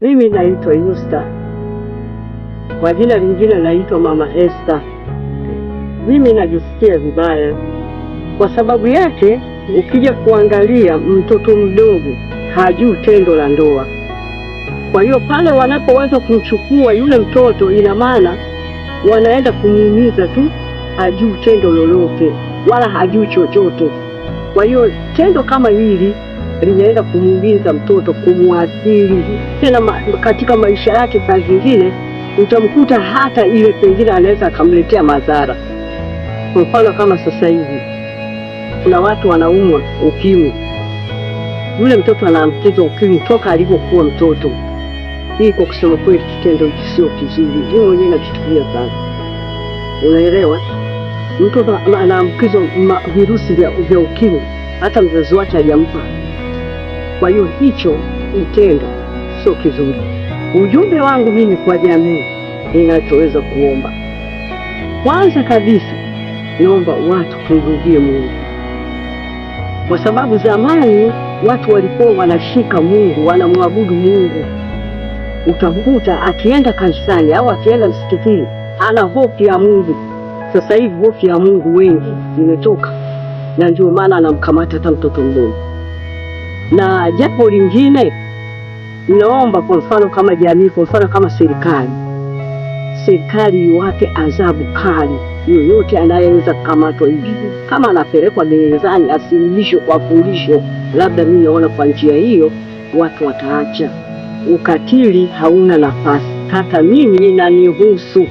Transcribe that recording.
Mimi naitwa Yusta, kwa jina lingine naitwa Mama Esther. Mimi najisikia vibaya kwa sababu yake. Ukija kuangalia, mtoto mdogo hajui tendo la ndoa. Kwa hiyo pale wanapoweza kumchukua yule mtoto, ina maana wanaenda kumuumiza tu, hajui tendo lolote wala hajui chochote. Kwa hiyo tendo kama hili linaenda kumuumiza mtoto kumwathiri tena ma, katika maisha yake. Saa zingine utamkuta hata ile pengine anaweza akamletea madhara. Kwa mfano kama sasa hivi kuna watu wanaumwa ukimwi, yule mtoto anaambukizwa ukimu ukimwi toka alivyokuwa mtoto. Hii kwa kusema kweli kitendo hiki sio kizuri, mimi mwenyewe nakichukulia sana, unaelewa. Mtoto anaambukizwa virusi vya ukimwi, hata mzazi wake hajampa kwa hiyo hicho kitendo sio kizuri. Ujumbe wangu mimi kwa jamii, ninachoweza kuomba kwanza kabisa, naomba watu tumrudie Mungu, kwa sababu zamani watu walikuwa wanashika Mungu, wanamwabudu Mungu. utakuta akienda kanisani au akienda msikitini, ana hofu ya Mungu. Sasa hivi hofu ya Mungu wengi imetoka, na ndio maana anamkamata hata mtoto mdogo. Na japo lingine naomba, kwa mfano kama jamii, kwa mfano kama serikali, serikali iwape adhabu kali yoyote anayeweza kukamatwa hivi, kama anapelekwa gerezani asimlishwe kwa fundisho. Labda mimi naona kwa njia hiyo watu wataacha ukatili, hauna nafasi. Hata mimi inanihusu.